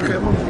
Câmara.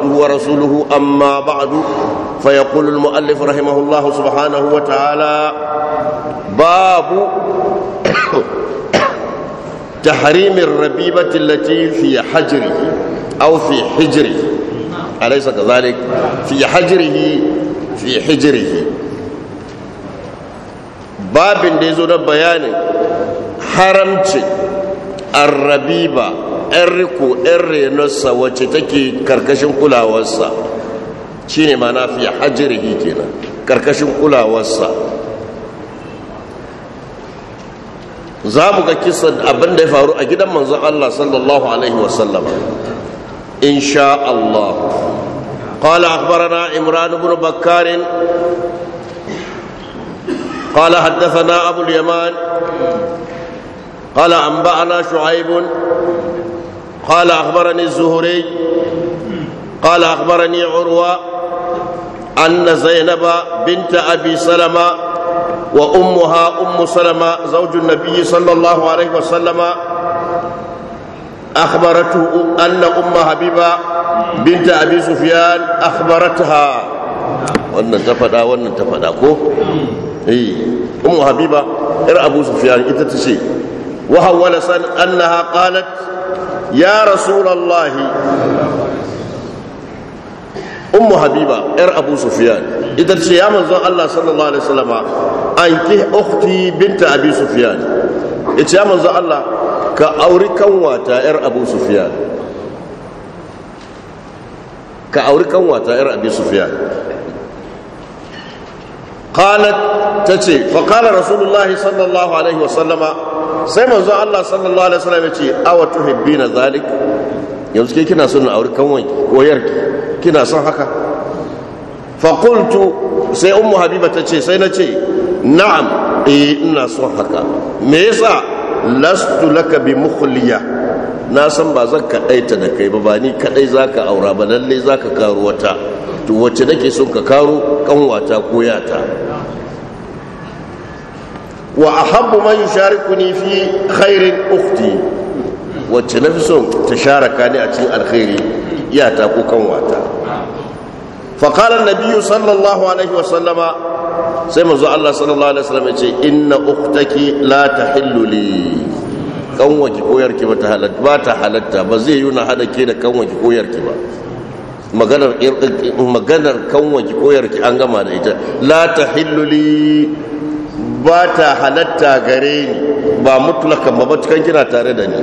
عبده ورسوله أما بعد فيقول المؤلف رحمه الله سبحانه وتعالى باب تحريم الربيبة التي في حجره أو في حجره أليس كذلك في حجره في حجره باب ديزو بيان حرمت الربيبه ɗan riko ɗan renonsa wacce take karkashin kulawarsa shi ne mana fi hajjirihi kenan karkashin kulawarsa za mu ga kisan abin da ya faru a gidan manzon Allah sallallahu alaihi wasallam insha Allah قال أخبرنا إمران بن بكار قال حدثنا أبو اليمان قال أنبأنا شعيب قال أخبرني الزهري قال أخبرني عروة أن زينب بنت أبي سلمة وأمها أم سلمة زوج النبي صلى الله عليه وسلم أخبرته أن أم حبيبة بنت أبي سفيان أخبرتها wannan ta faɗa wannan ta faɗa ko eh ummu habiba ir abu sufyan ita ta ce wa hawala san annaha qalat ya rasulallahi ummu habiba yar abu Sufiyan. ita ce ya manzon Allah sallallahu alaihi wasallama an ki ukhti binta abi Sufiyan. ita ya manzon Allah ka auri kanwata yar abu Sufiyan. ka auri kanwata yar abi sufyan qalat tace fa qala rasulullahi sallallahu alaihi wasallama sai manzo Allah sallallahu alaihi wasallam ya ce awa tuhibbina zalik yanzu ke kina son aure kanwan koyarki kina son haka fa qultu sai ummu habiba ta ce sai na ce na'am eh ina son haka me yasa lastu laka bi mukhliya na san ba zan daita da kai ba ba ni kadai zaka aura ba lalle zaka karo wata to wacce nake son ka karo kanwata ko yata وأحب من يشاركني في خير أختي وتنفسهم تشاركني أتي الخير يا تاكو كواتا فقال النبي صلى الله عليه وسلم سيما الله صلى الله عليه وسلم إن أختك لا تحل لي kanwaki uktaki ba ta koyarki ba ta halatta ba zai na hada ke da kanwaki koyarki ba maganar kanwaki koyarki an gama da ita la ta li ba ta halatta gare ni ba mutlakan ba matukan kina tare da ni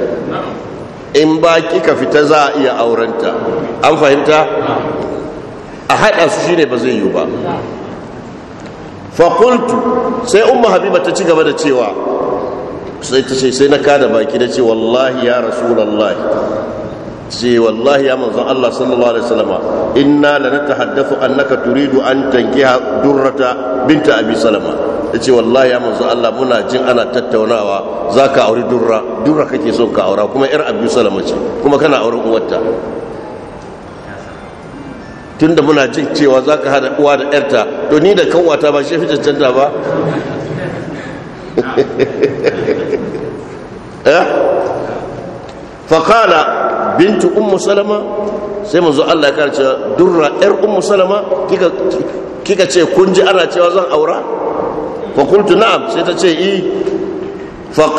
in ba kika fita za a iya aurenta an fahimta a haɗa su shine ba zai yi ba fakultu sai umma habiba ta ci gaba da cewa sai ta ce sai na kada baki da ce wallahi ya rasulallahi ce wallahi ya manzon Allah sallallahu alaihi salama. inna lanatahaddathu annaka turidu an tankiha durrata binta abi salama ya ce wallahi ya manzo Allah muna jin ana tattaunawa za ka auri durra durra kake so ka aura kuma yar abu salama ce kuma kana auren uwarta tunda muna jin cewa za ka haɗa uwa da yarta to ni da kanwata ba shi fi cancanta ba eh? faƙala bintu ummu salama sai manzo Allah ya kare cewa durra yar ummu salama kika ce kun ji ana cewa zan aura fa na'am sai ta ce i eh. fa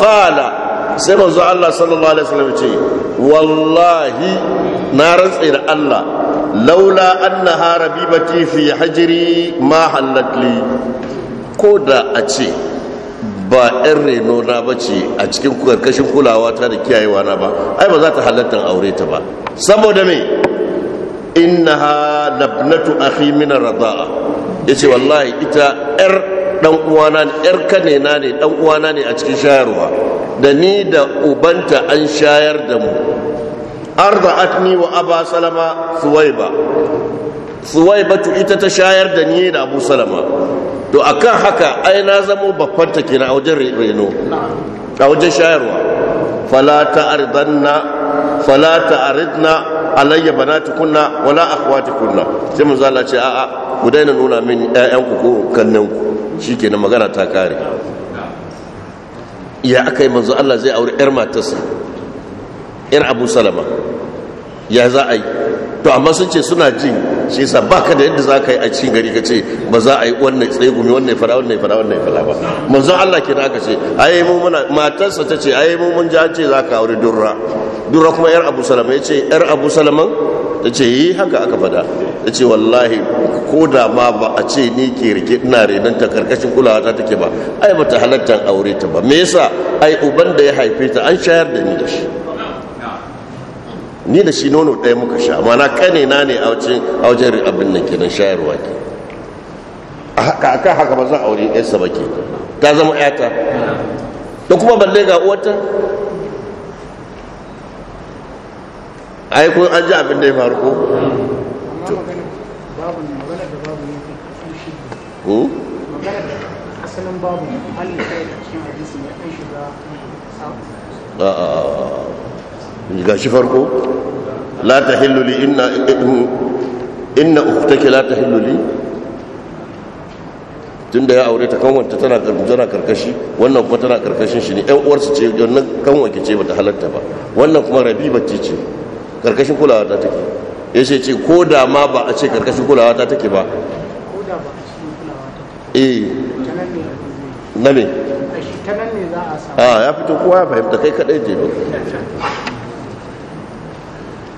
sai manzo Allah sallallahu alaihi wasallam ce wallahi na rantsa da Allah laula annaha rabibati fi hajri ma hallat li koda a ce ba ɗan reno na ba ce a cikin karkashin kulawa ta da kiyayewa na ba ai ba za ta halatta aure ta ba saboda me innaha labnatu akhi min ar yace wallahi ita 'yar dan uwana ne yar kane na ne dan uwana ne a cikin shayarwa da ni da ubanta an shayar da mu atni wa aba salama suwaiba suwaiba tu ita ta shayar da ni da abu salama to akan haka ai na zamo babban ta kina a wajen reno a wajen shayarwa fala ta ardanna fala ta aridna alayya banati kunna wala akhwati kunna sai mun zalla ce a'a ku daina nuna min ƴaƴan ku ko kannan ku shikenan magana ta kare ya aka yi manzo Allah zai aure yar matarsa yar Abu Salama ya za a yi to amma sun ce suna jin shi sa baka da yadda za ka yi a cikin gari ka ce ba za a yi wannan tsaye gumi wannan fara wannan fara wannan fara ba manzo Allah ke aka ce ayi mu muna matarsa ta ce ayi mu mun ji an ce za ka aure durra durra kuma yar Abu Salama ya ce yar Abu Salama ta ce yi eh, haka aka fada ta ce wallahi ko da ma ba a ce ni ke rike ina renon ta karkashin kulawa ta take ba ai ba ta halattar aure ta ba me yasa ai uban da ya haife ta an shayar da ni da shi ni da shi nono ɗaya muka sha amma na kane na ne a wajen abin nan kenan shayarwa ke a haka aka haka ba zan aure ɗaya ba ke ta zama ƴata da kuma balle ga uwata ai kun an ji abin da ya faru ko ko hmm? ga shi farko la ta hilluli inna inna ukhtaki la hilluli tun da ya aure ta kanwanta tana tana karkashi wannan kuma tana karkashin shi ne ƴan uwarsa ce wannan kanwanke ce bata halatta ba wannan kuma Rabi ce ce karkashin kulawa ta take ya ce ce ko da ma ba a ce karkashin kulawa ta take ba eh. na ne? a ah, ya fito kowa ya fahimta kai kadai je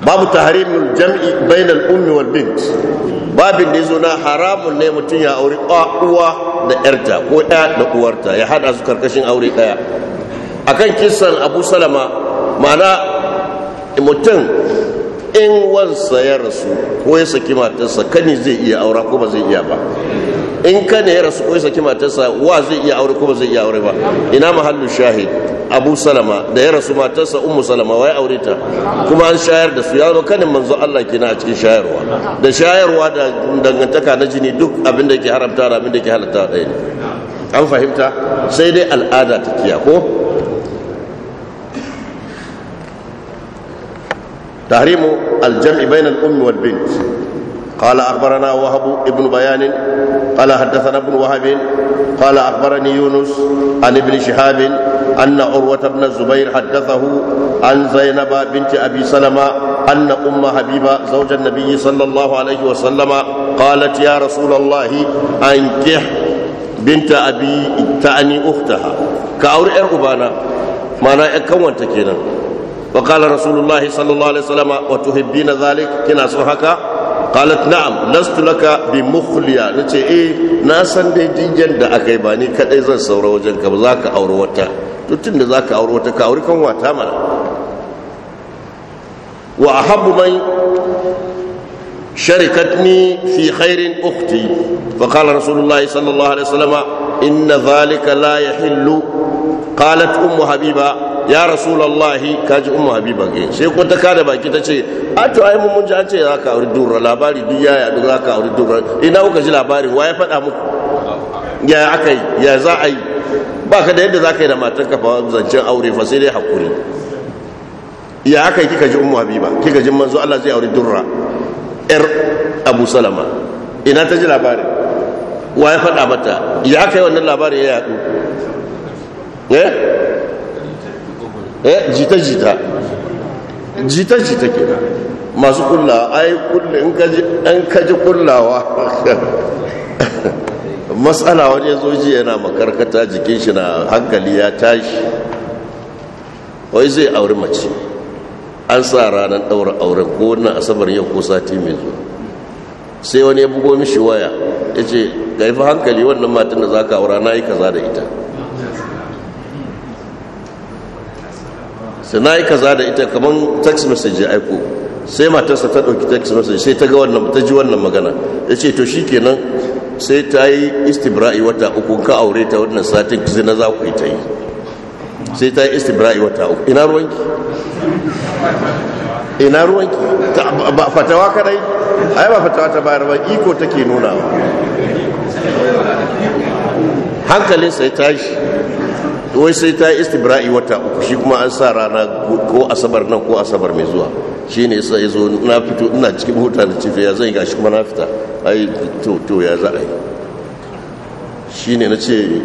babu tahrimul jam'i bainal ummi wal bint babin da zo na haramun ne mutum ya aure uwa da yarta ko ɗaya da uwarta ya hada su karkashin aure A akan kisan Abu Salama ma'ana mutum in wansa ya rasu ko ya saki matarsa kani zai iya aura ko ba zai iya ba in kani ya rasu ko ya saki matarsa wa zai iya aure ko ba zai iya aure ba ina mahallu shahid abu salama da ya rasu matarsa ummu salama wai aure ta kuma an shayar da su ya zama kanin manzo Allah kina a cikin shayarwa da shayarwa da dangantaka na jini duk abin da ke haramta da abin da ke halatta ɗaya ne an fahimta sai dai al'ada ta kiya ko تحريم الجمع بين الأم والبنت قال أخبرنا وهب ابن بيان قال حدثنا ابن وهب قال أخبرني يونس عن ابن شهاب أن عروة بن الزبير حدثه عن زينب بنت أبي سلمة أن أم حبيبة زوج النبي صلى الله عليه وسلم قالت يا رسول الله أنكح بنت أبي تعني أختها كأور أرغبانا معناه أكون تكينا وقال رسول الله صلى الله عليه وسلم وتحبين ذلك كنا سوحك قالت نعم لست لك بمخليا نتي ايه ناسان دي جنجن دا اكاي باني كدai zan saura wajenka ba zaka aure wata to tunda zaka aure wata ka aure kan wata mana wa ahabbu man شركتني في خير أختي فقال رسول الله صلى الله عليه وسلم إن ذلك لا يحل قالت أم حبيبة ya rasulullahi kaji ummu habiba ke sai ko ta kada baki ta ce a to ai mun ji an ce za ka auri dura labari duk ya yadu za ka auri dura ina kuka ji labarin wa ya faɗa muku ya aka yi ya za a yi ba ka da yadda za ka yi da matar ka zancen aure fa sai dai hakuri ya aka yi kika ji ummu habiba kika ji manzo Allah zai auri dura yar abu salama ina ta ji labarin wa ya faɗa mata ya aka yi wannan labari ya yadu eh eh jita-jita jita-jita ke masu kullawa ai in kaji kullawa matsala wani ya zoji yana makarkata jikin shi na hankali ya tashi wai zai auri mace an sa ranar ɗaura auren ko wannan asabar yau ko sati mai zuwa sai wani ya bugo mishi waya ya ce ga hankali wannan matan da za ka aura na yi kaza da ita sai na yi kaza da ita kamar text message ya aiko sai matarsa ta ɗauki text message sai ta ga wannan ta ji wannan magana ya ce to shikenan sai ta yi istibra'i wata uku ka aure ta wannan satin kizi na za ku yi ta yi sai ta yi istibra'i wata uku ina ruwanki ina ruwanki ba fatawa kadai ai ba fatawa ta bayar ba iko take nuna hankalinsa ya tashi wai sai ta istibra'i wata uku shi kuma an sa rana ko asabar nan ko asabar mai zuwa shi ne sai zo na fito ina cikin hota da cife ya zai gashi kuma na fita ai to to ya za a yi shi ne na ce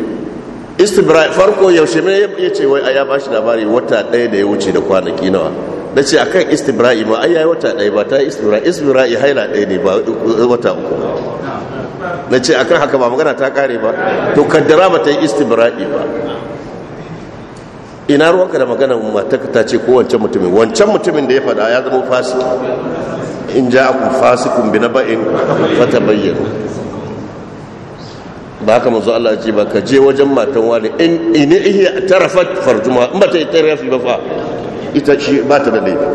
istibra'i farko yaushe mai ya ce wai ya bashi labari wata ɗaya da ya wuce da kwanaki nawa na ce akan istibra'i ma ai yi wata ɗaya ba ta istibra'i istibra'i haila ɗaya ne ba wata uku na ce akan haka ba magana ta kare ba to kaddara ba ta yi istibra'i ba ina ruwanka da magana mata ta ce ko wancan mutumin wancan mutumin da ya faɗa ya zama fasik in ja ku fasikun bi na ba'in fata bayyana ba ka manzo Allah ya ce ba ka je wajen matan wani in ini iya tarafat farjuma in ba ta yi tarafi ba fa ita shi ba ta da laifi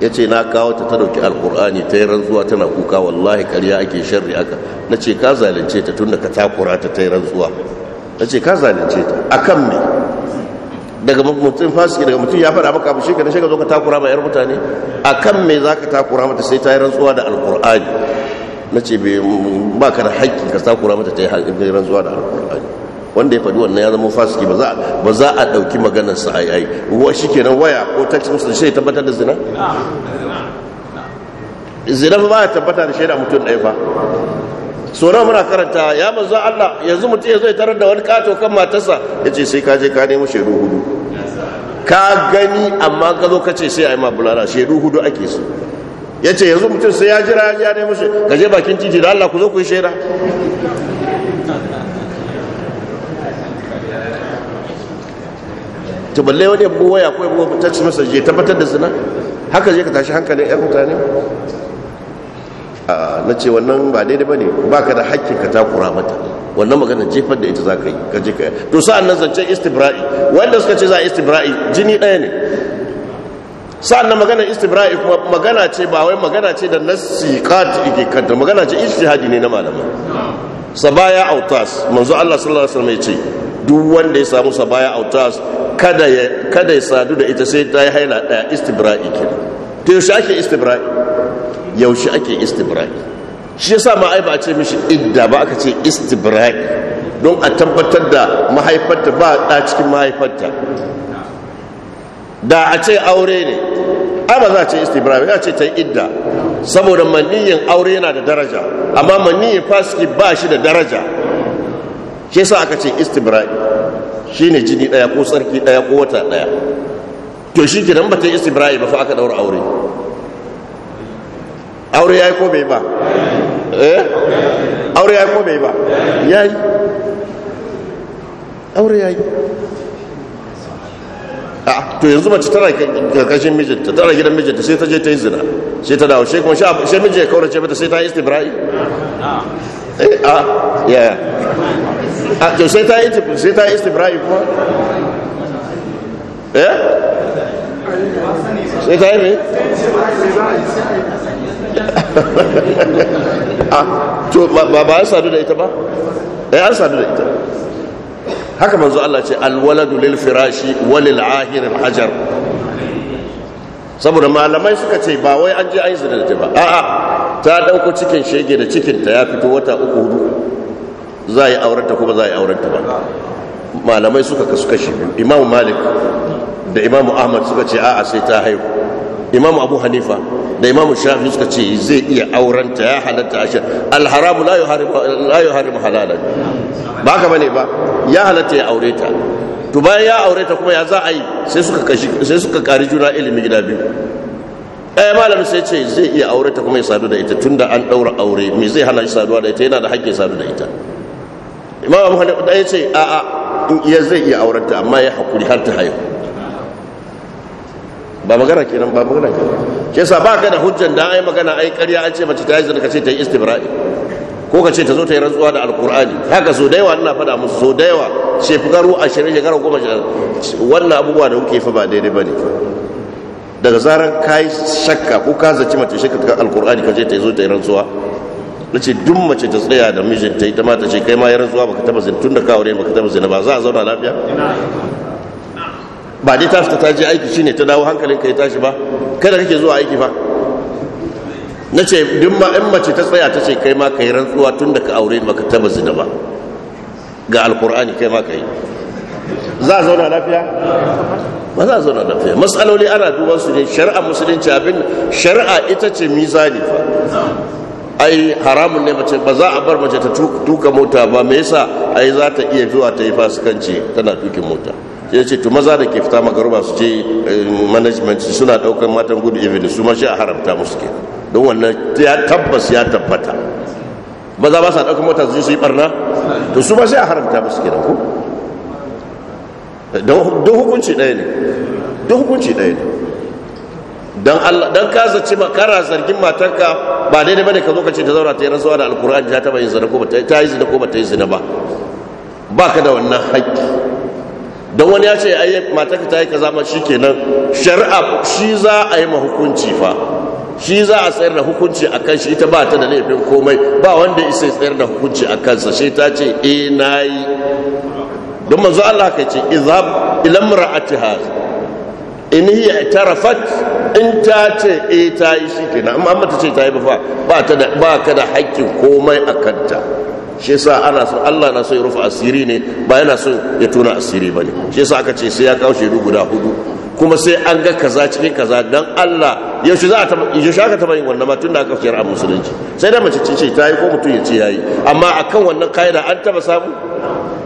ya ce na kawo ta ta dauki alkur'ani ta yi rantsuwa tana kuka wallahi karya ake sharri aka na ce ka zalunce ta tunda ka takura ta ta yi rantsuwa na ce ka zalunce ta akan me daga mutum fasiki daga mutum ya fara maka abu shekara shekara zo ka takura ma yar mutane a kan me za ka takura mata sai ta yi rantsuwa da alkur'ani na ce ba ka da haƙƙi ka takura mata ta yi rantsuwa da alkur'ani wanda ya faɗi wannan ya zama fasiki ba za a ɗauki maganarsa a yi wa shi kenan waya ko text message sai tabbatar da zina zina ba ya tabbata da shaida mutum ɗaya ba so nawa muna karanta ya manzo Allah yanzu mutum ya zo ya tarar da wani kato kan matarsa ya ce sai ka je ka nemo shaidu hudu ka gani amma ka zo ka ce sai a yi ma bulala shaidu hudu ake so ya ce yanzu mutum sai ya jira ya nemo shaidu ka je bakin titi da Allah ku zo ku yi shaida ta balle wani abubuwa ya kuwa ta ci masa je tabbatar da zina haka je ka tashi hankalin 'yan mutane na ce wannan ba daidai ba ne ba ka da hakkin ka takura mata wannan magana jefar da ita za ka yi ka je ka yi to sa'an nan zance istibra'i wanda suka ce za a istibra'i jini ɗaya ne sa'an nan magana istibra'i kuma magana ce ba wai magana ce da nassi kati ke kanta magana ce ijtihadi ne na malaman sabaya autas manzo Allah sallallahu alaihi wasallam ya ce duk wanda ya samu sabaya autas kada ya sadu da ita sai ta yi haila daya istibra'i kenan to yaushe ake istibra'i yaushe ake istibra'i shi yasa ma ai ba a ce mishi idda ba aka ce istibra'i don a tabbatar da mahaifarta ba da cikin mahaifarta da a ce aure ne ai ba za a ce istibra'i za a ce ta idda saboda maniyin aure yana da daraja amma maniyin fasiki ba shi da daraja shi yasa aka ce istibra'i ne jini daya ko tsarki daya ko wata daya to shi kenan ba ta istibra'i ba fa aka daura aure aure ya yi ko bai ba eh aure ya yi ko bai ba ya yi aure ya yi a to yanzu mace tara karkashin mijinta tara gidan mijinta sai ta je ta yi zina sai ta dawo sai shi mijin ya ce mata sai ta yi istibra'i eh a yaya a to sai ta yi sai ta yi istibra'i kuma eh sai ta yi ne Ah, to ba ba sadu da ita ba eh an sadu da ita haka manzo Allah ce alwaladu lil firashi walil ahir al hajar saboda malamai suka ce ba wai an je an yi zina da ba a'a ta dauko cikin shege da cikin ta ya fito wata uku hudu za yi aurenta kuma za yi aurenta ba malamai suka suka shi imamu malik da imamu ahmad suka ce a'a sai ta haihu imamu abu hanifa da imamu shafi suka ce zai iya aurenta ya halatta ashe alharamu la yuharimu halalan ba ka bane ba ya halatta ya aure ta to bayan ya aure ta kuma ya za a yi sai suka kari juna ilimi gida biyu ɗaya eh, malamin sai ce zai iya aure ta kuma ya sadu da ita tunda an ɗaura aure me zai hana shi saduwa da ita yana da haƙƙin sadu da ita imamu muhammad ɗaya ce a'a ya zai iya aurenta amma ya haƙuri har ta haihu ba magana kenan ba magana kenan ke sa baka da hujjan da ai magana ai ƙarya an ce mace ta yi zina ce ta yi istibra'i ko ka ce ta zo ta yi rantsuwa da alkur'ani haka so da yawa ina faɗa musu so da yawa shekaru 20 shekaru 10 wannan abubuwa da kuke fa ba daidai ne daga zaran ka yi shakka ko ka zaci mace shakka ta alkur'ani ka ce ta zo ta yi rantsuwa na ce duk mace ta tsaya da mijinta ita ma ta ce kai ma yi rantsuwa baka taba zina tun da ka aure baka taba zina ba za a zauna lafiya ba dai ta fita ta je aiki shine ta dawo hankalin ka ya tashi ba kada kake zuwa aiki ba na ce duk ma in mace ta tsaya ta ce kai ma ka yi rantsuwa tun da ka aure ba ka taba zina ba ga alkur'ani kai ma ka yi za a zauna lafiya ba za a zauna lafiya matsaloli ana duban su ne shari'a musulunci abin shari'a ita ce mizani fa ai haramun ne mace ba za a bar mace ta tuka mota ba me yasa ai za ta iya zuwa ta yi fasikanci tana tukin mota ya ce to maza da ke fita magaruba su je eh, management suna daukar matan gudu evening su ma shi a haramta musu ke don wannan ya tabbas ya tabbata ba za ba sa daukar mota su je su yi barna to su ma shi a haramta musu ke ku don hukunci ɗaya ne don hukunci ɗaya ne don Allah don ka zaci makara zargin matarka ba daidai bane ka zo ka ce ta zaura ta yi rantsuwa da alkur'ani ta taba yin zina ko ba ta yi zina ba ba ka da wannan haƙƙi don wani ya ce ai matarka ta yi kaza ma shikenan shari'a shi za a yi ma hukunci fa shi za a tsayar da hukunci a kan shi ita ba ta da laifin komai ba wanda isa tsayar da hukunci a kansa shi ta ce e na yi don manzo Allah ka ce izhab ila ha in hiya tarafat in ta ce e ta yi shi nan, amma ta ce ta yi ba ba ta da ba ka da haƙƙin komai a kanta shi yasa ana so Allah na so ya rufe asiri ne ba yana so ya tona asiri ba ne shi yasa aka ce sai ya kawo shaidu guda hudu kuma sai an ga kaza cikin kaza dan Allah yaushe za a taba yaushe aka taba yin wannan ma tun da aka fiyar a musulunci sai da mace ce ta yi ko mutum ya ce ya yi amma akan wannan kaida an taba samu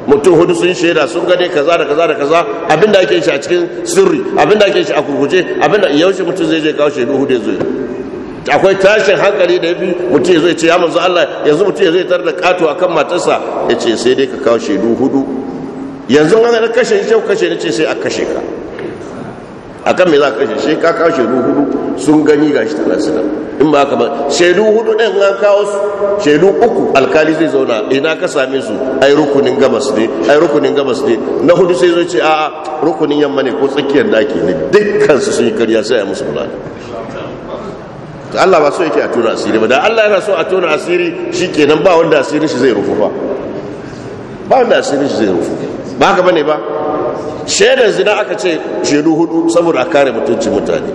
mutum hudu sun shaida sun gane kaza da kaza da kaza abinda ake shi a cikin sirri abinda ake shi a kurkuje abinda yaushe mutum zai je kawo shaidu hudu ya zo akwai tashin hankali da yafi mutum zai ce ya manzo Allah yanzu mutum zai tar da kato akan matarsa ya ce sai dai ka kawo shaidu hudu yanzu ana na kashe shi kashe ne ce sai a kashe ka akan me za ka kashe shi ka kawo shaidu hudu sun gani gashi tana suna in ba ka ba shaidu hudu ɗin an kawo su shaidu uku alkali zai zauna ina ka same su ai rukunin gabas ne ai rukunin gabas ne na hudu sai zai ce a rukunin yamma ne ko tsakiyar daki ne dukkan su sun yi karya sai a musu bulala to Allah ba so yake a tona asiri ba da Allah yana so a tona asiri shikenan ba wanda asirin shi zai rufu fa ba wanda asirin shi zai rufu ba haka bane ba shaidan zina aka ce shaidu hudu saboda a kare mutuncin mutane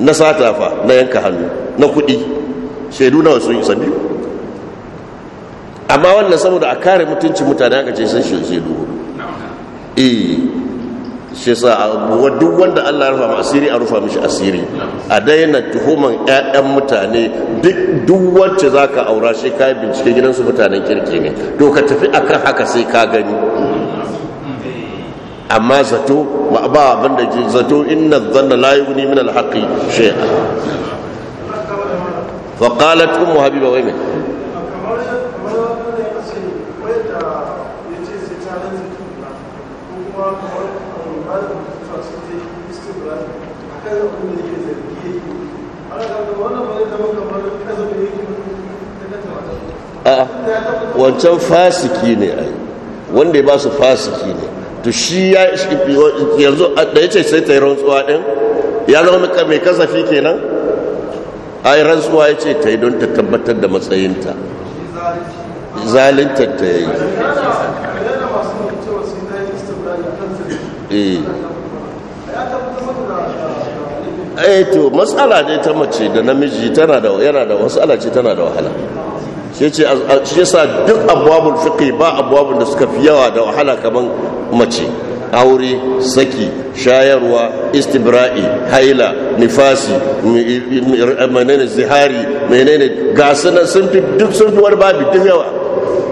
na sata fa na yanka hannu na kudi shaidu nawa sun yi sabi amma wannan saboda a kare mutuncin mutane aka ce sun shaidu hudu eh. shi sa duk wanda Allah ya rufa asiri a rufa mishi asiri a daina tuhuman ƴaƴan mutane duk duk wacce zaka aura shi ka bincike gidansu mutanen kirki ne to ka tafi akan haka sai ka gani amma zato ba abin da ke zato inna dhanna la yughni min al shay'a fa qalat ummu habiba wa a wancan fasiki ne yi wanda ya ba su fasiki ne to shi ya yanzu da yace sai ta yi rantsuwa din ya zama mai kasafi kenan yi rantsuwa ya ce ta yi don ta tabbatar da matsayinta zalinta ta yi eh. eh to matsala dai ta mace da namiji tana da yana da matsala ce tana da wahala sai ce shi yasa duk abwabul fiqi ba abwabun da suka fi yawa da wahala kaman mace aure saki shayarwa istibra'i haila nifasi menene zihari menene gasu sun fi duk sun fi wani babi duk yawa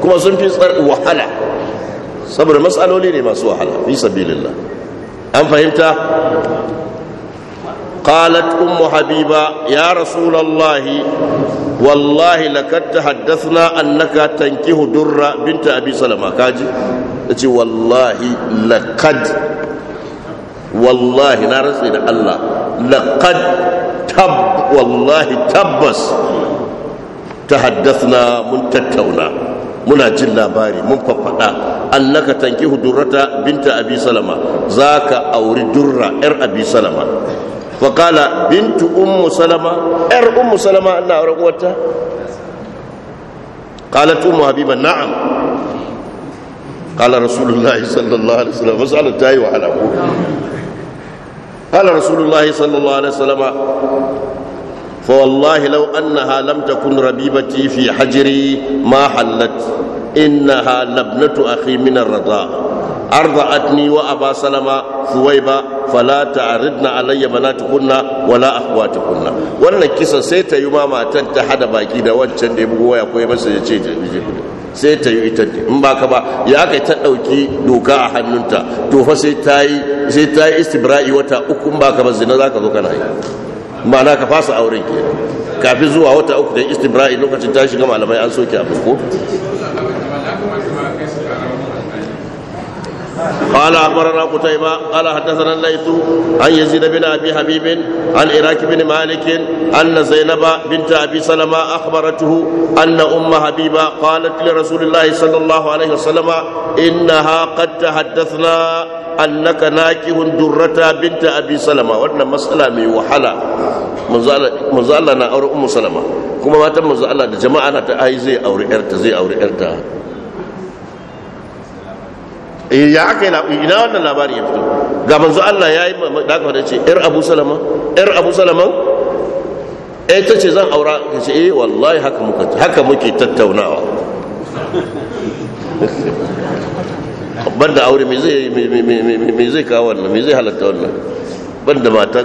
kuma sun fi wahala saboda matsaloli ne masu wahala fi sabilillah an fahimta قالت أم حبيبة يا رسول الله wallahi laqad tahaddathna annaka tanki hudurra binta abi salama kaji tace wallahi laqad wallahi na rantsi da Allah lakad wallahi tabbas ta tahaddathna mun tattauna muna jin labari mun faffaɗa annaka tankihu durrata binta abi salama ka auri durra yar abi salama wa bintu ummu salama yar ummu salama Allah auren uwarta qalat ummu habiba na'am qala rasulullahi sallallahu alaihi wasallam mas'alat tayi wa ala قال رسول الله صلى الله fa وسلم lau لو أنها لم تكن ربيبتي في حجري ما إنها لبنة أخي من الرضا أرضعتني وأبا سلمة ثويبة فلا تعرضن علي بناتكن ولا أخواتكن ولا كيسا سيتا يما ما تنت حدا باكي دا وانشان دي بقوا يا كوي بس يجي sai ta yi ita in ba ka ba ya kai ta ɗauki doka a hannunta to fa sai ta yi sai ta yi istibra'i wata uku ba ka ba zina za ka zo kana yi ma'ana ka fasa auren ke kafin zuwa wata uku da istibra'i lokacin ta shiga malamai an soke a ko قال اخبرنا قتيبه قال حدثنا الليث عن يزيد بن ابي حبيب عن عراك بن مالك ان زينب بنت ابي سلمه اخبرته ان ام حبيبه قالت لرسول الله صلى الله عليه وسلم انها قد تحدثنا أنك ناكه درة بنت أبي سلمة وأن مسألة من وحلا مزالة أنا أور أم سلمة كما مات مزالة جماعة أنا تأي زي أور إرتا زي أور إرتا Eh, ya aka yi ina wannan labarin ya fito ga manzo Allah ya yi daga da ce yar abu salama abu salama eh ta ce zan aura ta ce eh wallahi haka muka haka muke tattaunawa aure me zai me zai kawo wannan me zai halatta wannan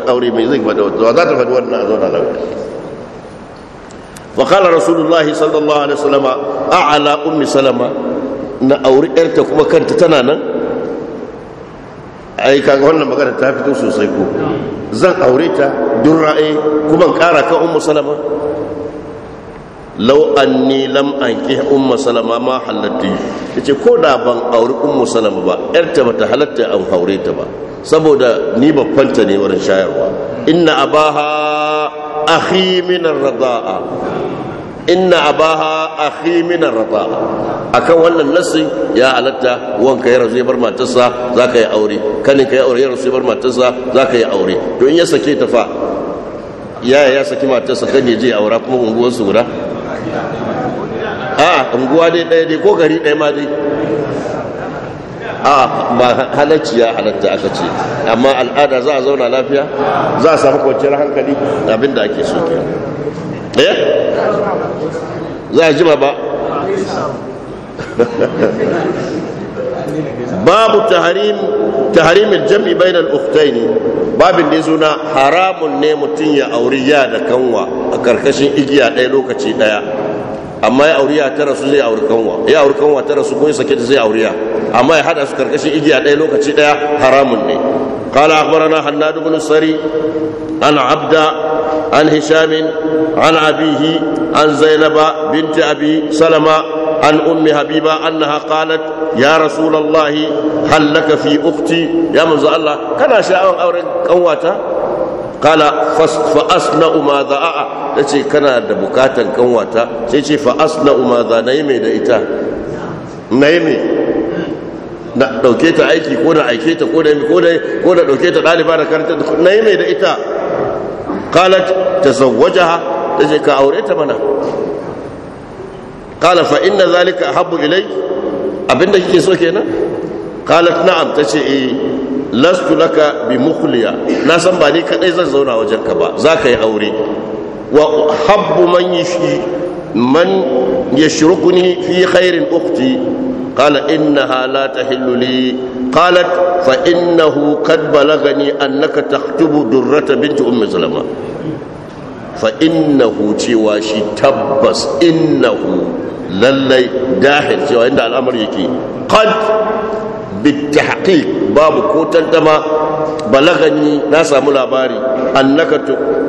aure me zai za ta wannan a zauna lafiya na auri yarta kuma kanta tana nan ai kaga wannan magana ta fito sosai ko zan aure ta dun ra'ayi kuma kara kan ummu salama law ni lam an anki ummu salama ma halatti yace ko da ban auri ummu salama ba yarta ba ta halatta an aure ta ba saboda ni babban ta ne wurin shayarwa inna abaha akhi min ar-rida'a inna abaha akhi min ar-rida'a akan wannan nasi ya alatta wanka ya rasu ya bar matarsa za ka yi aure kanin ka ya aure ya rasu ya bar matarsa za ka yi aure to in ya sake ta fa ya ya saki matarsa kan ya je aura kuma su guda a unguwa dai ɗaya dai ko gari ɗaya ma dai a ba halacci ya halatta aka ce amma al'ada za a zauna lafiya za a samu kwanciyar hankali abinda ake so ke eh za a jima ba babu tahrim tahrimin bai bainal ukhtaini babin da yazo na haramun ne mutum ya auriya da kanwa a karkashin igiya ɗaya lokaci ɗaya amma ya auriya tara su zai auri kanwa ya auri kanwa tara su kun sake da zai auriya amma ya hada su karkashin igiya ɗaya lokaci ɗaya haramun ne قال أخبرنا حناد بن السري عن عبد عن هشام عن أبيه عن زينب بنت أبي سلمة عن أم حبيبة أنها قالت يا رسول الله هل لك في أختي يا منزل الله كان شاء أورد قواتا قال فأصنع ماذا أأ تشي كان دبكاتا قواتا تشي فأصنع ماذا نيمي دئتا نيمي da dauke ta aiki ko da aike ta ko da ko da ko da dauke ta daliba da karanta na yi mai da ita qalat tazawwajaha tace ka aure ta mana qala fa inna zalika habbu ilay abinda kike so kenan qalat na'am tace eh lastu laka bi mukhliya na san ba ni kadai zan zauna wajen ka ba za ka yi aure wa habbu man yashi man yashrukuni fi khairin ukhti قال إنها لا تحل لي قالت فإنه قد بلغني أنك تخطب درة بنت أم سلمة فإنه تواشي تبس إنه للي داخل سوى عند الأمر يكي قد بالتحقيق باب كوتن تما بلغني ناسا ملاباري أنك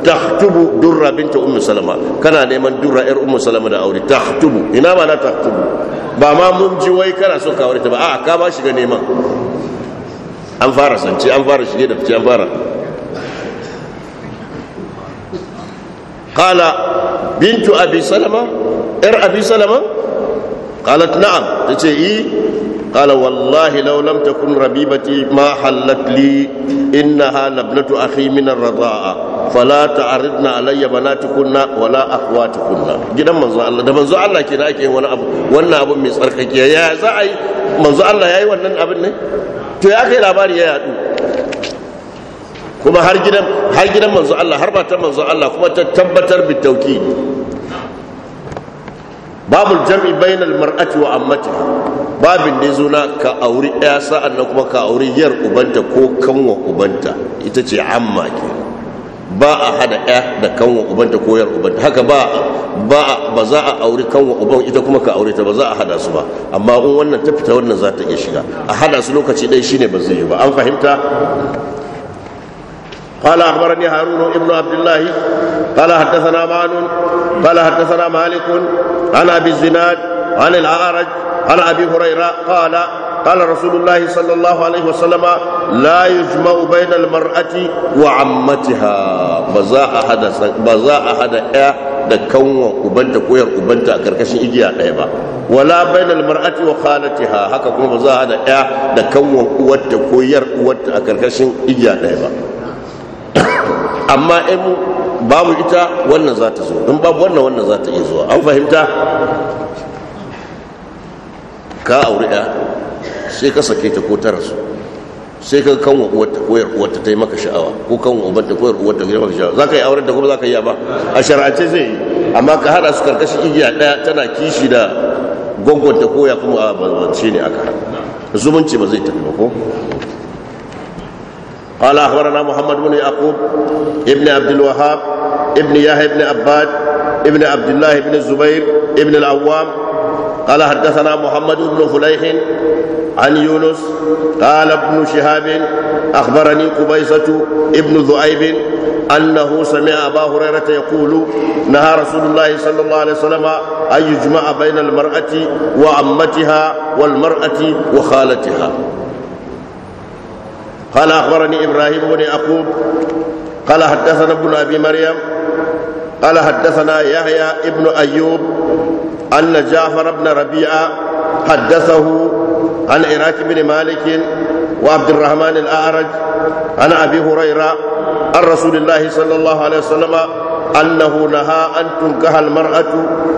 تخطب درة بنت أم سلمة كان نيمان درة إر أم سلمة دا أولي تخطب إنما لا تخطب ba ma mun ji wai kana son kawar ta ba a ka ba shiga neman an fara sance an fara shige da fice an fara kala abi salama أبي abi salama أبي سلمة ta ce yi. قال والله لو لم تكن ربيبتي ما حلت لي إنها لابنة أخي من الرضاعة فلا تعرضن علي بناتكن ولا أخواتكن gidan manzo Allah da manzo Allah ke da ake wani abu wannan abun mai tsarkake ya za a yi manzo Allah ya yi wannan abin ne to ya kai labari ya yadu kuma har gidan har gidan manzo Allah har ba ta manzo kuma ta tabbatar bitauki babul jam'i bainal mar'ati wa ammatiha babin da zo na ka auri ɗaya sa'an nan kuma ka auri yar ubanta ko kanwa ubanta ita ce amma ke ba a hada ɗaya da kanwa ubanta ko yar ubanta haka ba ba ba za a auri kanwa uban ita kuma ka aure ta ba za a hada su ba amma in wannan ta fita wannan za ta iya shiga a hada su lokaci ɗaya shine ba zai yi ba an fahimta قال اخبرني هارون ابن عبد الله قال حدثنا معن قال حدثنا مالك عن ابي الزناد عن الاعرج عن ابي هريره قال قال رسول الله صلى الله عليه وسلم لا يجمع بين المرأة وعمتها بزاء أحد بزاء أحد da kanwa ubanta ko yar ubanta a karkashin igiya ɗaya ba wala bainal mar'ati wa khalatiha haka kuma ba za a da ɗaya da kanwan uwarta ko yar uwarta a karkashin igiya ɗaya ba amma in babu ita wannan za ta zo in babu wannan wannan za ta iya zuwa an fahimta ka auri ya sai ka sake ta ko ta rasu sai ka kan wa uwarta koyar uwarta ta yi maka sha'awa ko kan wa koyar uwarta ta yi maka sha'awa za ka yi auren da kuma za ka yi ba a shara'ance zai yi amma ka hada su karkashin igiya daya tana kishi da gwangwanta koya kuma a bambance ne aka zumunci ba zai tafi ba ko قال أخبرنا محمد بن يعقوب ابن عبد الوهاب ابن يحيى بن عباد ابن عبد الله بن الزبير ابن العوام قال حدثنا محمد بن فليح عن يونس قال ابن شهاب أخبرني قبيصة ابن ذؤيب أنه سمع أبا هريرة يقول نهى رسول الله صلى الله عليه وسلم أن يجمع بين المرأة وعمتها والمرأة وخالتها قال أخبرني إبراهيم بن يعقوب قال حدثنا ابن أبي مريم قال حدثنا يحيى ابن أيوب أن جعفر بن ربيعة حدثه عن عراك بن مالك وعبد الرحمن الأعرج عن أبي هريرة عن رسول الله صلى الله عليه وسلم أنه نهى أن تنكح المرأة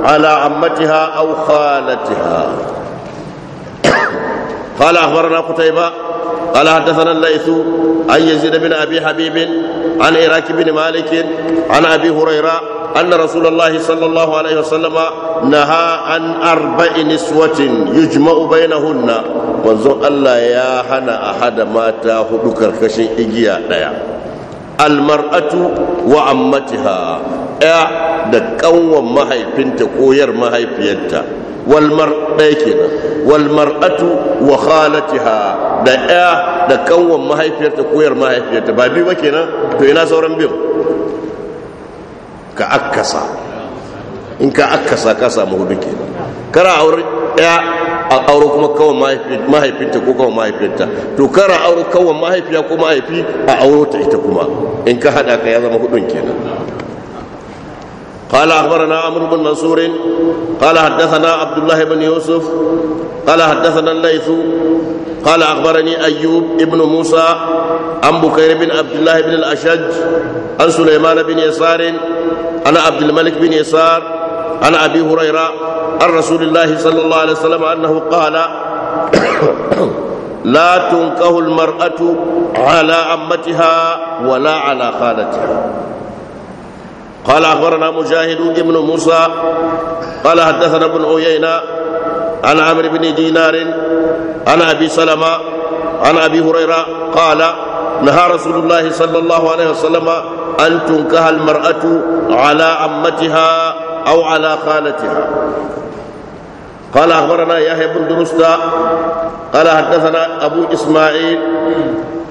على عمتها أو خالتها قال أخبرنا قتيبة قال حدثنا الليث عن يزيد بن ابي حبيب عن عراك بن مالك عن ابي هريره ان رسول الله صلى الله عليه وسلم نهى عن اربع نسوه يجمع بينهن manzon Allah ya hana a hada mata hudu karkashin igiya daya almar'atu wa ammatiha ya da kanwan mahaifinta koyar mahaifiyarta walmar ɗaya kenan walmar'atu wa khalatiha da ya da kanwan mahaifiyarta koyar mahaifiyarta ba biyu ba kenan to ina sauran biyu ka akkasa in ka akkasa ka samu hudu kenan kara aure ya a auro kuma kawai mahaifinta ko kawai mahaifinta to kara auro kawai mahaifiya ko mahaifi a auro ta ita kuma in ka hada ka ya zama hudun kenan قال اخبرنا عمرو بن منصور قال حدثنا عبد الله بن يوسف قال حدثنا الليث قال اخبرني ايوب ابن موسى عن بكير بن عبد الله بن الاشج عن سليمان بن يسار عن عبد الملك بن يسار عن ابي هريره عن رسول الله صلى الله عليه وسلم انه قال لا تنكه المراه على عمتها ولا على خالتها قال اخبرنا مجاهد بن موسى قال حدثنا ابن عيينه عن عمرو بن دينار عن ابي سلمه عن ابي هريره قال نهى رسول الله صلى الله عليه وسلم أن تنكه المرأة على عمتها أو على خالتها قال أخبرنا يحيى بن درستا قال حدثنا أبو إسماعيل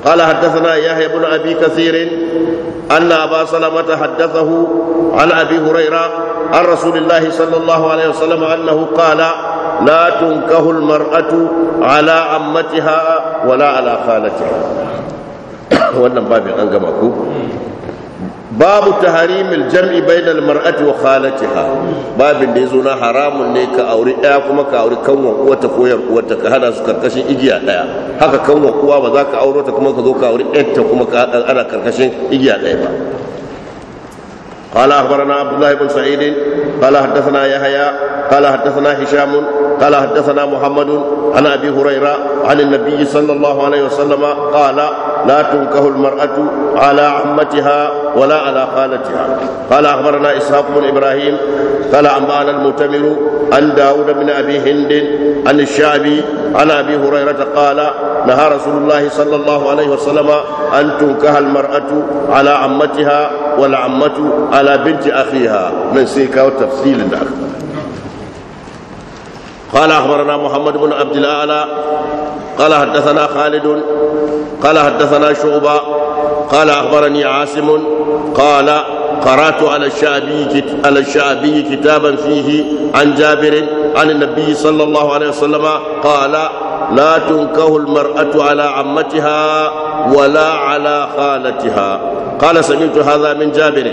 قال حدثنا يحيى بن أبي كثير أن أبا سلمة حدثه عن أبي هريرة عن رسول الله صلى الله عليه وسلم أنه قال لا تنكه المرأة على عمتها ولا على خالتها wannan babin an gama ku babu taharimil jam'i bainal mar'ati wa khalatiha babin da yazo na haramun ne ka aure daya kuma ka aure kanwan uwarta ko yar ka hada su karkashin igiya daya haka kanwan uwa ba za ka aure ta kuma ka zo ka aure yarta kuma ka ana karkashin igiya daya ba قال اخبرنا عبد الله بن سعيد قال حدثنا يحيى قال حدثنا هشام قال حدثنا محمد عن ابي هريره عن النبي صلى الله عليه وسلم قال لا تنكه المراه على عمتها ولا على خالتها قال أخبرنا إسحاق بن إبراهيم قال أنبأنا المؤتمر عن داود بن أبي هند عن الشعبي عن أبي هريرة قال نهى رسول الله صلى الله عليه وسلم أن تنكه المرأة على عمتها والعمة على بنت أخيها من سيكا وتفصيل الأخ قال أخبرنا محمد بن عبد الأعلى قال حدثنا خالد قال حدثنا شعبة قال أخبرني عاصم قال قرأت على الشعبي على الشعبي كتابا فيه عن جابر عن النبي صلى الله عليه وسلم قال لا تنكه المرأة على عمتها ولا على خالتها قال سمعت هذا من جابر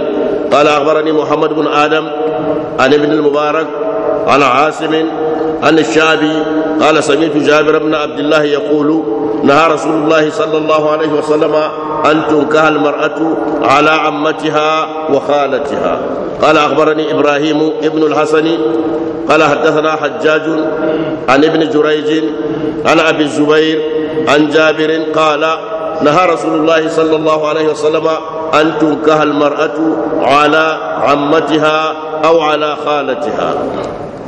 قال أخبرني محمد بن آدم عن ابن المبارك عن عاصم عن الشعبي قال سمعت جابر بن عبد الله يقول نهى رسول الله صلى الله عليه وسلم أن تنكه المرأة على عمتها وخالتها قال أخبرني إبراهيم ابن الحسن قال حدثنا حجاج عن ابن جريج عن أبي الزبير عن جابر قال نهى رسول الله صلى الله عليه وسلم أن تنكه المرأة على عمتها أو على خالتها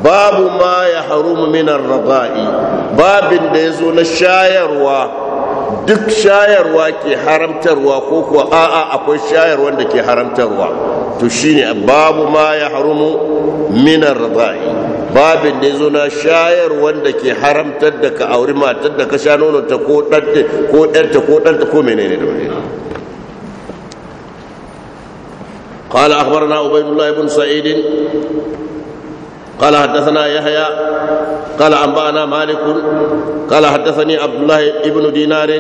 babu ma ya harumu minar raba'i babin da ya zo na shayarwa duk shayarwa ke haramtarwa ko kuwa a'a akwai shayarwa da ke haramtarwa to shine babu ma ya harumu minar raba'i babin da zo na shayar wanda ke haramtar da ka auri matar da ka sha nononta ko ɗanta ko ɗanta ko ɗanta ko menene da wani قال أخبرنا عبيد الله بن سعيد قال حدثنا يحيى قال أنبأنا مالك قال حدثني عبد الله بن دينار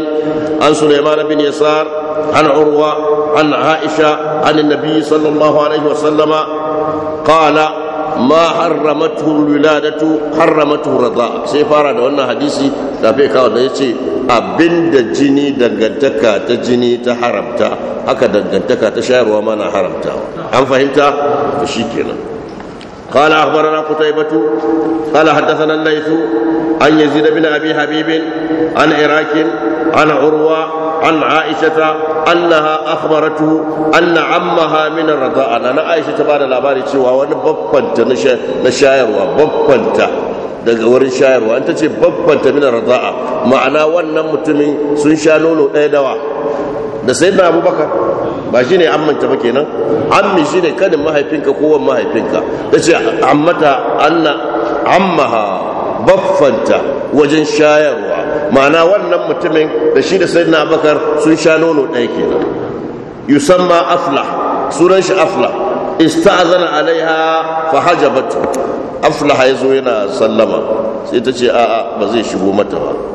عن سليمان بن يسار عن عروة عن عائشة عن النبي صلى الله عليه وسلم قال ما حرمته الولادة حرمته رضاء سيفارة دولنا حديثي تابيكا ودهيتي abinda jini dangantaka ta jini ta haramta haka dangantaka ta shayarwa mana haramta an fahimta to shikenan قال أخبرنا قتيبة قال حدثنا الليث عن يزيد بن أبي حبيب عن عراك عن عروة عن عائشة أنها أخبرته أن عمها من الرضاعة أنا عائشة بعد الأباري تشوى وأنا ببنت نشاير وببنت daga wurin shayarwa an ta ce babbanta mina raza'a ma'ana wannan mutumin sun sha nono ɗaya dawa da sai na abubakar ba shi ne ammanta ba kenan ammi shi ne kanin mahaifinka kowan mahaifinka ta ce ammata anna ammaha baffanta wajen shayarwa ma'ana wannan mutumin da shi da sayyidina abakar sun sha nono ɗaya kenan yusamma Afla sunan shi aflah ista'azana alaiha fa Afla aflah yazo yana sallama sai ta ce a'a ba zai shigo mata ba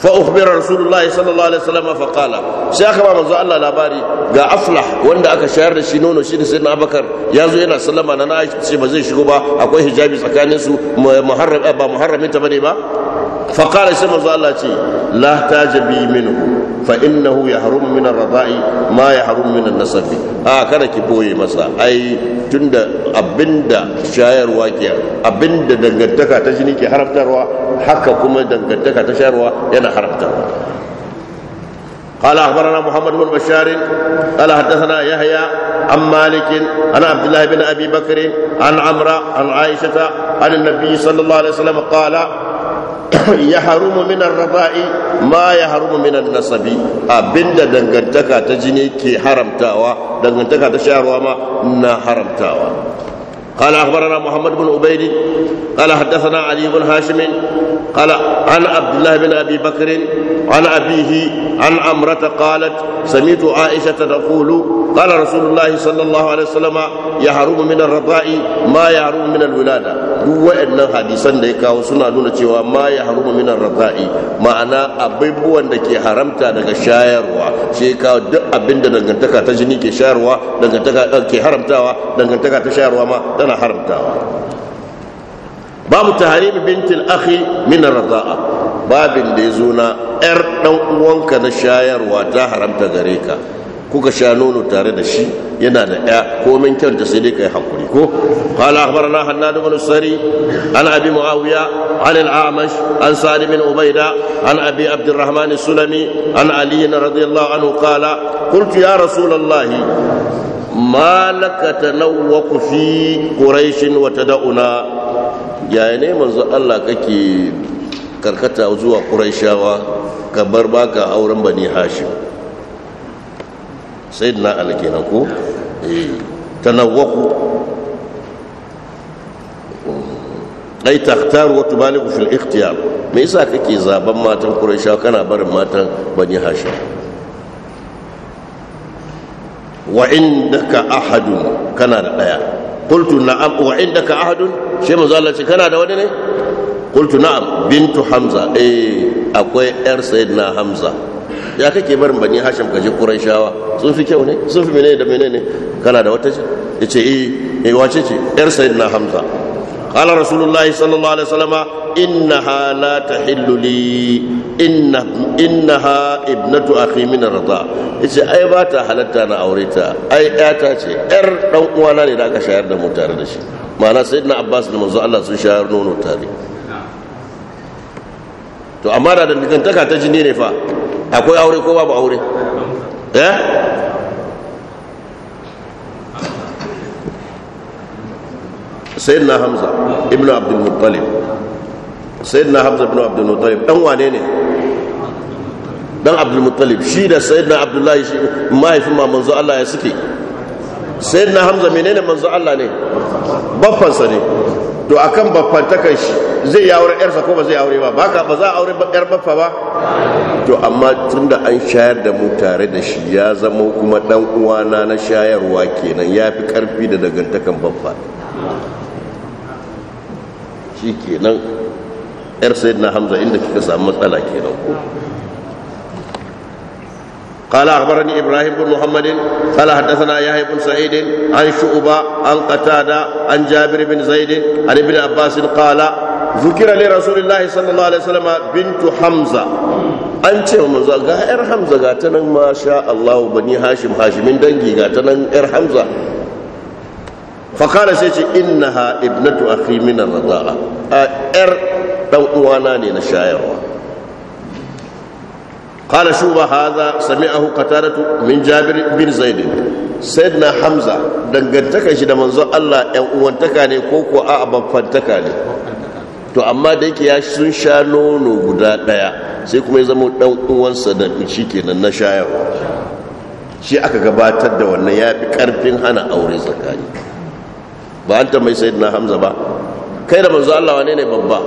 fa'u biyar a rasulillah sallallahu alaihi wa sallam mafi kala sai aka baman zai allah labari ga afula wanda aka shayar da shi nono shi ne sai na abakar ya zo yana sallama na na ce yi ba zai shigo ba akwai hijabi tsakanin tsakaninsu ba muharaminta ba ne ba. faƙarar shi mazala ce la fa jabi minu fa’innahu ya harun minan rada’i ma ya harun minan nasafi a kada ki boye masa ai tunda da abinda shayarwa ke abinda dangantaka ta jini ke haraftarwa haka kuma dangantaka ta shayarwa yana haraftarwa قال اخبرنا محمد بن بشار قال حدثنا يحيى عن مالك عن عبد الله بن ابي بكر عن عمرو عن عائشه عن النبي صلى الله عليه وسلم قال ya harumu minan raba'i ma ya harumu minan nasabi abinda dangantaka ta jini ke haramtawa dangantaka ta shayarwa ma na haramtawa قال اخبرنا محمد بن عبيد قال حدثنا علي بن هاشم قال عن عبد الله بن ابي بكر عن ابيه عن أمرة قالت سمعت عائشه تقول قال رسول الله صلى الله عليه وسلم يحرم من الرضاء ما يحرم من الولادة duk waɗannan hadisan da ya kawo suna nuna cewa ma ya haruma minan raza'i ma'ana abubuwan da ke haramta daga shayarwa shi duk abin dangantaka ta jini ke shayarwa dangantaka ke haramtawa dangantaka ta shayarwa ma tana haramtawa babu tahrimi bintil akhi min raza'a babin da ya zo na 'yar ɗan uwanka na shayarwa ta haramta gare ka kuka sha nono tare da shi yana da ya komin kyanta sai dai kai hakuri ko qala akhbarana hannad sari an abi muawiya an al amash an salim ibn ubayda an abi abdurrahman sulami an ali radhiyallahu anhu qala qultu ya rasul allah ma laka tanawwaqu fi quraish wa tad'una ya ne manzo allah kake karkata zuwa quraishawa ka bar baka auren bani hashim sayyidina ali kenan ko eh, tanawwaku ai takhtaru wa tubaligu fil ikhtiyar me yasa kake zaben matan quraisha kana barin matan bani hashim wa indaka ahadun kana da daya qultu na'am wa indaka ahadun shi manzo Allah ce kana da wani ne qultu na'am bintu hamza eh akwai yar sayyidina hamza ya kake barin bani hashim kaje quraishawa sufi kyau ne sufi menene da menene kana da wata ce ya ce yi eh, eh, wace ce yar sayid hamza kala a fi min ce ai ba ta na ne da aka shayar da mu tare da shi ma'ana sayid na abbas da manzo allah sun shayar nono tare to amma da dangantaka ta jini ne fa akwai aure ko babu aure eh sayyidina hamza ibnu abdul muttalib sayyidina hamza ibnu abdul muttalib dan wane ne dan abdul muttalib shi da sayyidina abdullahi shi mahaifin ma manzo Allah ya suke sayyidina hamza menene manzo Allah ne baffansa ne to akan baffantakan shi zai ya aure yarsa ko ba zai aure ba baka ba za a aure yar baffa ba to amma tunda an shayar da mu tare da shi ya zama kuma dan uwana na shayarwa kenan ya fi karfi da dagantakan baffa shi ke nan ƴarsayi na hamza inda kika samu matsala ke nan ku kala akbar ni ibrahim bin muhammadin kala haddasa na yahya bin sa'idin an shu'uba an qatada an jabir bin zaidin an ibn abbasin kala zukira ne rasulullahi sallallahu alaihi wasallam bintu hamza an ce wa manzo ga yar hamza ga ta nan masha allah bani hashim hashimin dangi ga ta nan yar hamza fakara sai ce ha ibnatu a fimina raza'a a yar ɗan'uwana uwana ne na shayarwa a hukata da tu, min jabir bin بن sai na Hamza, dangantaka shi da manzo Allah 'yan'uwantaka uwantaka ne ko ko a babbantaka ne to amma da yake ya sun sha nono guda ɗaya, sai kuma ya zama ɗan'uwansa uwansa da shi kenan na shayarwa shi aka gabatar da wannan ya fi ƙarfin hana aure tsakani ba an tambayi sayyidina hamza ba kai da manzo Allah wane ne babba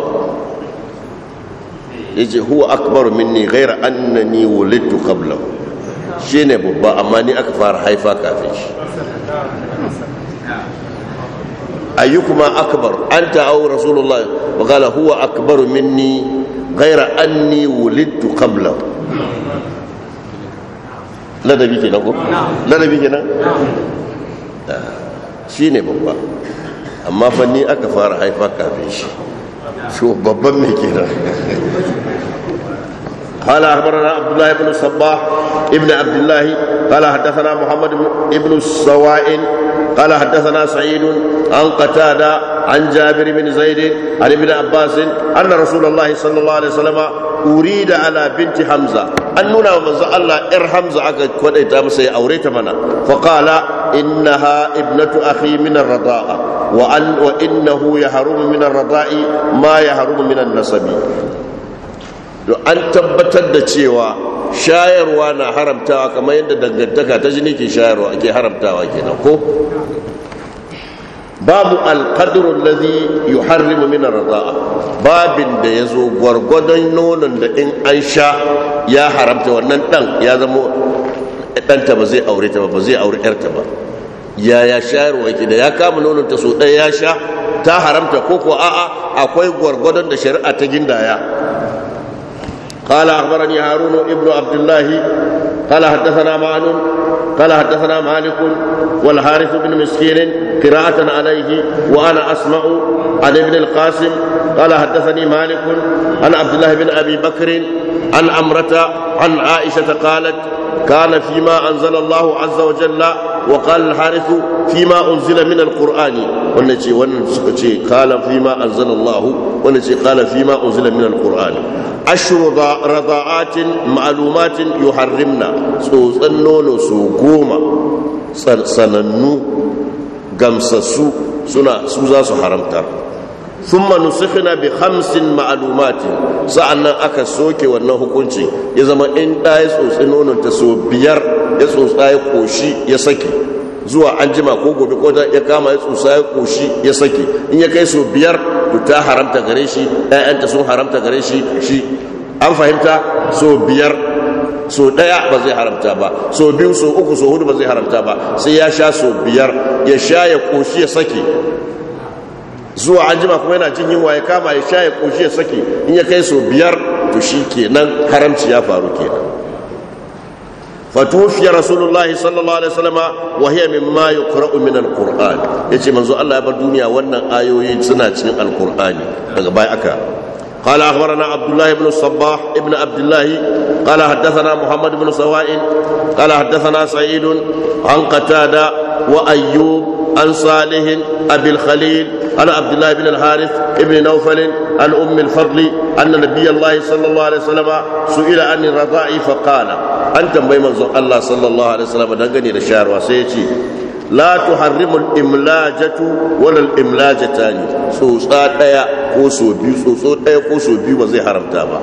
yace huwa akbar minni ghayra annani wulidtu qabla shine babba amma ni aka fara haifa kafin shi ayyukuma akbar anta aw rasulullah wa qala huwa akbar minni ghayra anni wulidtu qabla ladabi kenan ko ladabi kenan shi ne babba amma fanni aka fara haifa kafin shi shi babban mai kenan قال اخبرنا عبد الله بن الصباح ابن عبد الله قال حدثنا محمد بن السواء قال حدثنا سعيد عن قتادة عن جابر بن زيد عن ابن عباس أن رسول الله صلى الله عليه وسلم أريد على بنت حمزة أن نونا ومزا الله إر حمزة أكد كود إتام سي أوريت منا فقال إنها ابنة أخي من ya وأن وإنه يهرم من الرضاء ما يهرم من النسب an tabbatar da cewa shayarwa na haramtawa kamar yadda dangantaka ta jini ke shayarwa ake haramtawa kenan ko babu alkadirun lazi yi harrimu min raza'a babin da ya zo gwargwadon nonon da in an sha ya haramta wannan dan ya zama ɗanta ba zai aure ta ba ba zai aure ƴarta ba yaya shayarwa yake da ya kama nonon ta so ɗaya ya sha ta haramta ko ko a'a akwai gwargwadon da shari'a ta gindaya قال أخبرني هارون ابن عبد الله قال حدثنا معن قال حدثنا مالك والحارث بن مسكين قراءة عليه وأنا أسمع عن ابن القاسم قال حدثني مالك عن عبد الله بن أبي بكر عن أمرة عن عائشة قالت كان فيما أنزل الله عز وجل وقال الحارث فيما أنزل من القرآن ونجي ونجي قال فيما أنزل الله ونجي قال فيما أنزل من القرآن أشر رضاعات معلومات يحرمنا سوزنون سوكوما سننو gamsassu suna su za su haramtar thumma nusikhna bi khamsin ma'lumatin sa'annan aka soke wannan hukunci ya zama in ɗaya ya tsotsi nonon ta so biyar ya tsotsa ya koshi ya saki zuwa an jima ko gobe ko ya kama ya tsotsa ya koshi ya saki in ya kai so biyar to ta haramta gare shi ɗayanta sun haramta gare shi shi an fahimta so biyar so ɗaya ba zai haramta ba so biyu so uku so hudu ba zai haramta ba sai ya sha so biyar ya sha ya koshi ya sake zuwa an jima kuma yana jin yunwa ya kama ya sha ya koshi ya saki in ya kai so biyar to shi kenan haramci ya faru kenan fatufiya rasulullah sallallahu alaihi wasallama wa hiya mimma yuqra'u min alquran yace manzo Allah ya bar duniya wannan ayoyi suna cikin alqur'ani daga baya aka قال أخبرنا عبد الله بن الصباح ابن عبد الله قال حدثنا محمد بن سواء قال حدثنا سعيد عن قتادة وأيوب عن صالح أبي الخليل عن عبد الله بن الحارث ابن نوفل عن أم الفضل أن نبي الله صلى الله عليه وسلم سئل عن الرضاء فقال أنت بمن الله صلى الله عليه وسلم دقني لشهر وسيتي la tuharrimu al-imlajatu wala al-imlajatani tsotsa daya ko so biyu tsotso daya ko so biyu ba zai haramta ba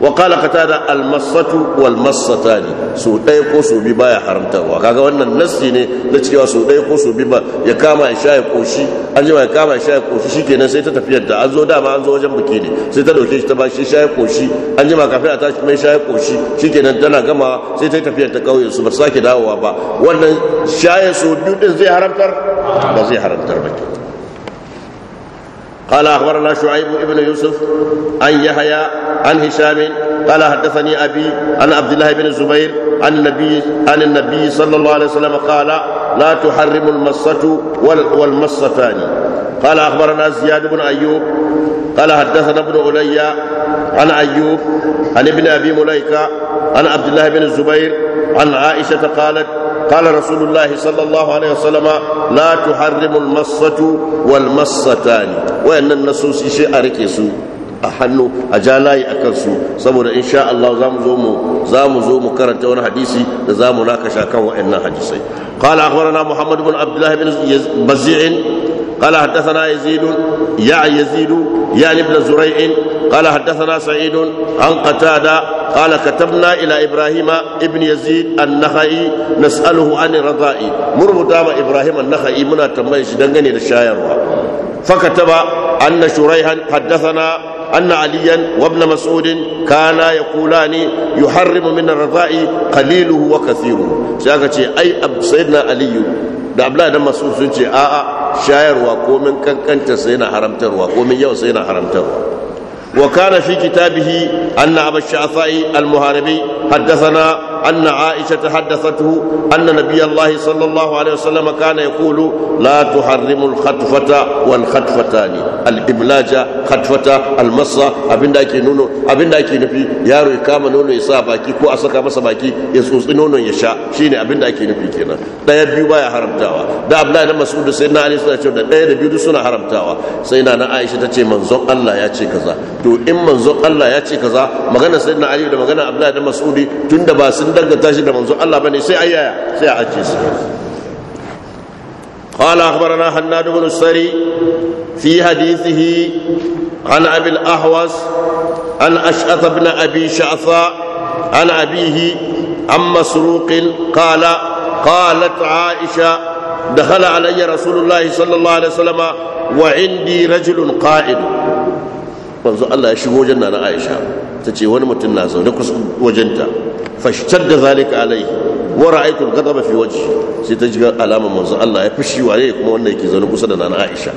wa qala qatada al massatu wal massatani so dai ko so bi baya haramtarwa kaga wannan naski ne da cewa so dai ko so bi ba ya kama ya sha ya koshi an ji ya kama ya sha ya koshi shikenan sai ta tafiyar an zo dama an zo wajen biki ne sai ta dauke shi ta bashi sha ya koshi an ji kafin a tashi mai sha ya koshi shikenan tana gama sai ta tafiyar ta kauyen su ba sake dawowa ba wannan sha ya biyu din zai haramtar ba zai haramtar ba قال اخبرنا شعيب بن يوسف عن يحيى عن هشام قال حدثني ابي عن عبد الله بن الزبير عن النبي عن النبي صلى الله عليه وسلم قال لا تحرم المصة والمصتان قال اخبرنا زياد بن ايوب قال حدثنا ابن علي عن ايوب عن ابن ابي مليكه عن عبد الله بن الزبير عن عائشه قالت قال رسول الله صلى الله عليه وسلم لا تحرم المصة والمصتان وأن النصوص شيء أركسوا a hannu a ja a kansu saboda in sha Allah za mu zo mu karanta wani hadisi da za mu nakasha kan wa'annan hadisai qala akhbarana muhammad ibn abdullah bazi'in قال حدثنا يزيد يا يزيد يا ابن زريع قال حدثنا سعيد عن قتادة قال كتبنا إلى إبراهيم ابن يزيد النخعي نسأله عن الرضاء مرمتا إبراهيم النخعي منا تميش دنغني للشاعر فكتب أن شريحا حدثنا أن عليا وابن مسعود كانا يقولان يحرم من الرضاء قليله وكثيره سيأكد أي أب سيدنا علي da abdullahi dan masu sun ce a'a shayarwa komin kankanta sai yana haramtarwa komin yau sai yana haramtarwa وكان في كتابه أن أبا الشعثاء المهاربي أن عائشة حدثته أن نبي الله صلى الله عليه وسلم كان يقول لا تحرم الخطفة والخطفتان الإبلاج خطفة المصة أبن داكي نونو أبن داكي نفي يارو يكام نونو يسا باكي كو أسكا مسا باكي يسوس نونو يشا شيني أبن داكي نفي كينا دا يبيو بايا حرم تاوا دا أبلا دا مسؤول سيدنا علي صلى الله عليه وسلم دا يبيو دو سنة حرم تاوا سيدنا عائشة تتي منزون الله ياتي كذا تو إن منزون الله ياتي كذا مغانا سيدنا علي دا مغانا أبلا دا مسؤولي تند باسن sun danganta shi da manzo Allah bane sai ayyaya sai a ajiye su qala akhbarana hannad ibn sari fi hadithihi an abi al-ahwas an ash'at ibn abi sha'fa an abihi am masruq qala qalat aisha dakhala alayya rasulullahi sallallahu alayhi wasallam wa indi rajulun qa'id manzo Allah ya shigo janna na aisha ta ce wani mutum na zaune kusa wajenta fashtar da zalika alaihi wa ra'aytu al-ghadaba fi wajhi sai ta ji alamar manzo Allah ya fushi waye kuma wanda yake zaune kusa da nana Aisha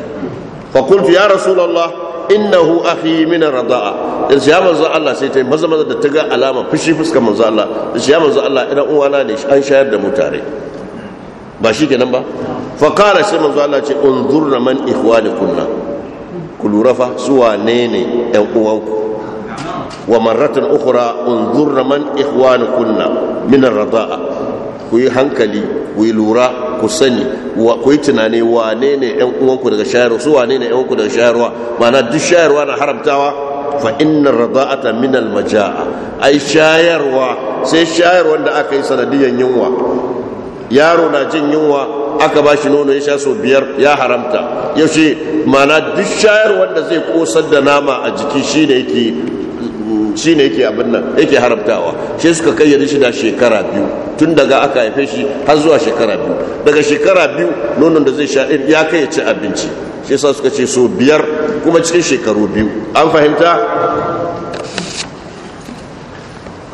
fa qultu ya rasulullah innahu akhi min ar-rida'a in sai manzo Allah sai ta maza maza da ta ga alamar fushi fuskar manzo Allah sai ya manzo Allah idan na ne an shayar da mu tare ba shi kenan ba fa qala sai manzo Allah ce unzurna man ikhwanikunna ku lura fa su wane ne yan uwanku ومرة أخرى انظرن من إخوانكن من الرضاء kuyi hankali kuyi lura kusani, kuyi tunani wane ne yan uwanku daga shayarwa su wane ne uwanku daga shayarwa ma'ana duk shayarwa na haramtawa fa inna rada'ata min al majaa ai shayarwa sai da aka yi sanadiyan yunwa yaro na jin yunwa aka ba shi nono ya sha sau biyar ya haramta yaushe mana duk shayarwar da zai kosar da nama a jiki shine yake shi ne yake abin nan yake haramtawa shi suka kayyade shi da shekara biyu tun daga aka haife shi har zuwa shekara biyu daga shekara biyu nonon da zai sha ɗin ya kai ya ci abinci shi sa suka ce so biyar kuma cikin shekaru biyu an fahimta